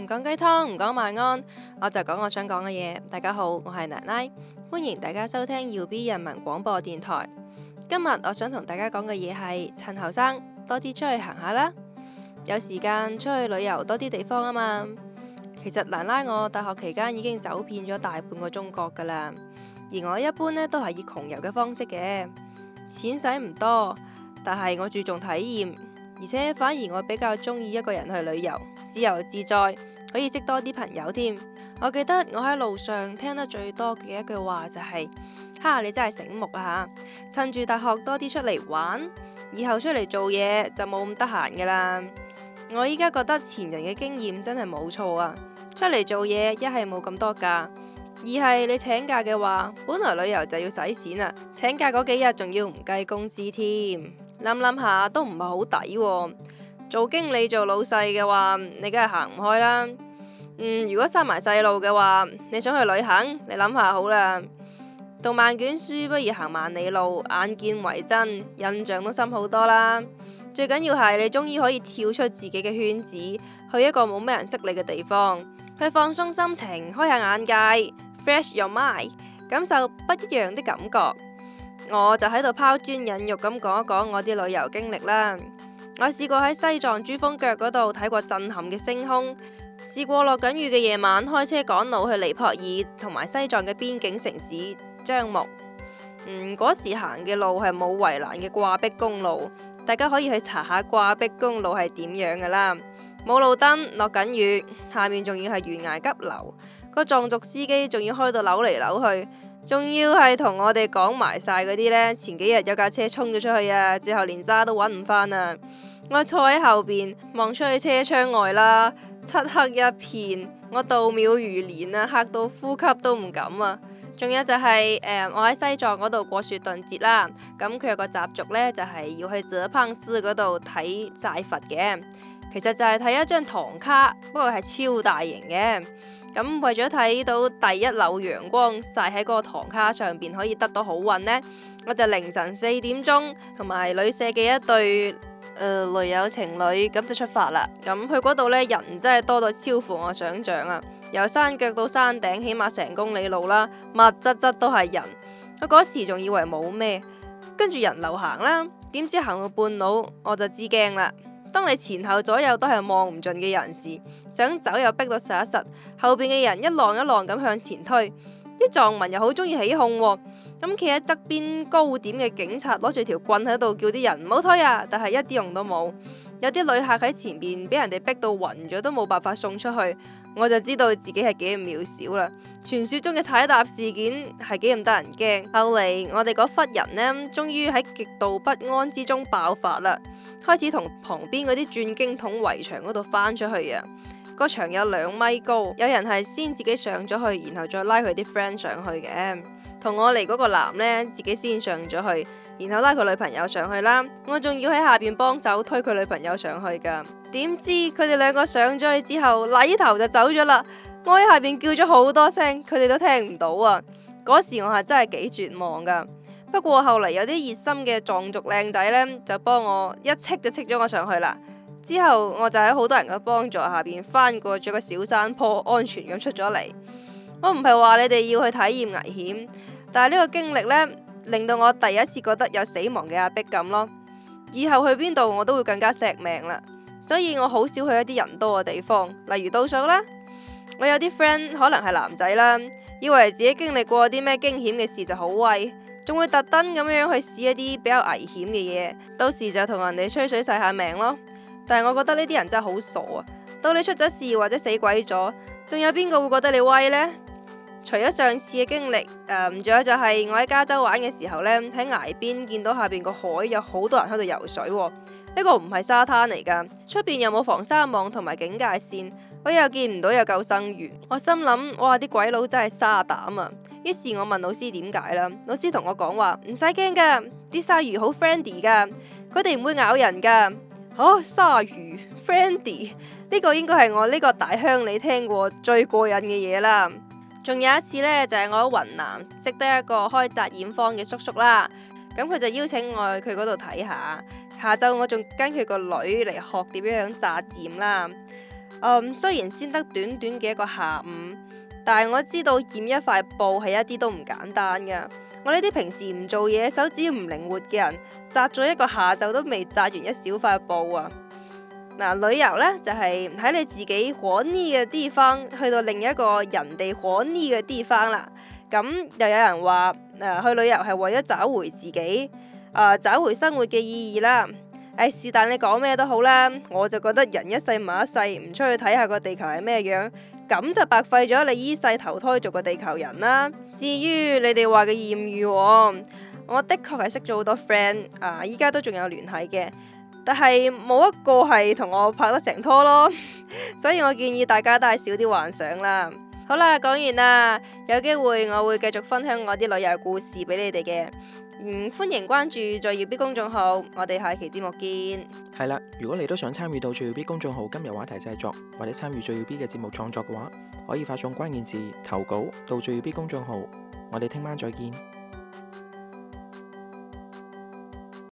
唔講雞湯，唔講晚安，我就講我想講嘅嘢。大家好，我係奶奶，歡迎大家收聽耀 B 人民廣播電台。今日我想同大家講嘅嘢係趁後生多啲出去行下啦，有時間出去旅遊多啲地方啊嘛。其實奶奶我大學期間已經走遍咗大半個中國噶啦，而我一般呢都係以窮遊嘅方式嘅，錢使唔多，但係我注重體驗，而且反而我比較中意一個人去旅遊。自由自在，可以識多啲朋友添。我記得我喺路上聽得最多嘅一句話就係，哈，你真係醒目啊！趁住大學多啲出嚟玩，以後出嚟做嘢就冇咁得閒噶啦。我依家覺得前人嘅經驗真係冇錯啊！出嚟做嘢一係冇咁多假，二係你請假嘅話，本來旅遊就要使錢啊，請假嗰幾日仲要唔計工資添，諗諗下都唔係好抵。做經理做老細嘅話，你梗係行唔開啦。嗯，如果生埋細路嘅話，你想去旅行，你諗下好啦。讀萬卷書不如行萬里路，眼見為真，印象都深好多啦。最緊要係你終於可以跳出自己嘅圈子，去一個冇咩人識你嘅地方，去放鬆心情，開下眼界，Fresh your mind，感受不一樣的感覺。我就喺度拋磚引玉咁講一講我啲旅遊經歷啦。我試過喺西藏珠峰腳嗰度睇過震撼嘅星空，試過落緊雨嘅夜晚開車趕路去尼泊爾同埋西藏嘅邊境城市樟木。嗯，嗰時行嘅路係冇圍欄嘅掛壁公路，大家可以去查下掛壁公路係點樣噶啦。冇路燈，落緊雨，下面仲要係懸崖急流，個藏族司機仲要開到扭嚟扭去，仲要係同我哋講埋晒嗰啲呢。前幾日有架車衝咗出去啊，之後連渣都揾唔返啊！我坐喺後邊望出去車窗外啦，漆黑一片，我度秒如年啊，嚇到呼吸都唔敢啊！仲有就係、是、誒、呃，我喺西藏嗰度過雪頓節啦，咁佢有個習俗呢，就係、是、要去哲蚌寺嗰度睇曬佛嘅。其實就係睇一張唐卡，不過係超大型嘅。咁為咗睇到第一縷陽光曬喺嗰個唐卡上邊，可以得到好運呢。我就凌晨四點鐘同埋旅社嘅一對，誒，驢友、呃、情侶咁就出發啦。咁去嗰度呢，人真係多到超乎我想象啊！由山腳到山頂，起碼成公里路啦，密質質都係人。我嗰時仲以為冇咩，跟住人流行啦。點知行到半路，我就知驚啦。當你前後左右都係望唔盡嘅人時，想走又逼到實一實，後邊嘅人一浪一浪咁向前推，啲藏民又好中意起哄喎、啊。咁企喺側邊高點嘅警察攞住條棍喺度叫啲人唔好推啊！但係一啲用都冇。有啲旅客喺前面俾人哋逼到暈咗，都冇辦法送出去。我就知道自己係幾咁渺小啦。傳説中嘅踩踏事件係幾咁得人驚。後嚟我哋嗰忽人呢，終於喺極度不安之中爆發啦，開始同旁邊嗰啲轉經筒圍牆嗰度翻出去啊！個牆有兩米高，有人係先自己上咗去，然後再拉佢啲 friend 上去嘅。同我嚟嗰個男呢，自己先上咗去，然後拉佢女朋友上去啦。我仲要喺下邊幫手推佢女朋友上去噶。點知佢哋兩個上咗去之後，禮頭就走咗啦。我喺下邊叫咗好多聲，佢哋都聽唔到啊。嗰時我係真係幾絕望噶。不過後嚟有啲熱心嘅藏族靚仔呢，就幫我一戚就戚咗我上去啦。之後我就喺好多人嘅幫助下邊翻過咗個小山坡，安全咁出咗嚟。我唔係話你哋要去體驗危險，但係呢個經歷呢，令到我第一次覺得有死亡嘅壓迫感咯。以後去邊度我都會更加錫命啦，所以我好少去一啲人多嘅地方，例如倒數啦。我有啲 friend 可能係男仔啦，以為自己經歷過啲咩驚險嘅事就好威，仲會特登咁樣去試一啲比較危險嘅嘢，到時就同人哋吹水曬下命咯。但係我覺得呢啲人真係好傻啊！到你出咗事或者死鬼咗，仲有邊個會覺得你威呢？除咗上次嘅經歷，誒、呃，仲有就係我喺加州玩嘅時候呢，喺崖邊見到下邊個海有好多人喺度游水，呢、這個唔係沙灘嚟噶，出邊又冇防沙網同埋警戒線，我又見唔到有救生員，我心諗哇，啲鬼佬真係沙膽啊！於是，我問老師點解啦？老師同我講話唔使驚噶，啲鯊魚好 friendly 噶，佢哋唔會咬人噶。哦，鯊魚 friendly 呢 個應該係我呢個大鄉里聽過最過癮嘅嘢啦。仲有一次呢，就係我喺雲南識得一個開紮染坊嘅叔叔啦。咁佢就邀請我去佢嗰度睇下，下晝我仲跟佢個女嚟學點樣紮染啦。嗯，雖然先得短短嘅一個下午，但係我知道染一塊布係一啲都唔簡單噶。我呢啲平時唔做嘢、手指唔靈活嘅人，紮咗一個下晝都未紮完一小塊布啊。嗱、呃，旅遊呢，就係、是、喺你自己活膩嘅地方，去到另一個人哋活膩嘅地方啦。咁、嗯、又有人話，誒、呃、去旅遊係為咗找回自己，誒、呃、找回生活嘅意義啦。誒是但你講咩都好啦，我就覺得人一世物一世，唔出去睇下個地球係咩樣，咁就白費咗你依世投胎做個地球人啦。至於你哋話嘅艷遇、哦，我的確係識咗好多 friend，啊依家都仲有聯繫嘅。但係冇一個係同我拍得成拖咯， 所以我建議大家都係少啲幻想啦好。好啦，講完啦，有機會我會繼續分享我啲旅遊故事俾你哋嘅，嗯，歡迎關注最耀 B 公眾號，我哋下期節目見。係啦，如果你都想參與到最耀 B 公眾號今日話題製作，或者參與最耀 B 嘅節目創作嘅話，可以發送關鍵字投稿到最耀 B 公眾號，我哋聽晚再見。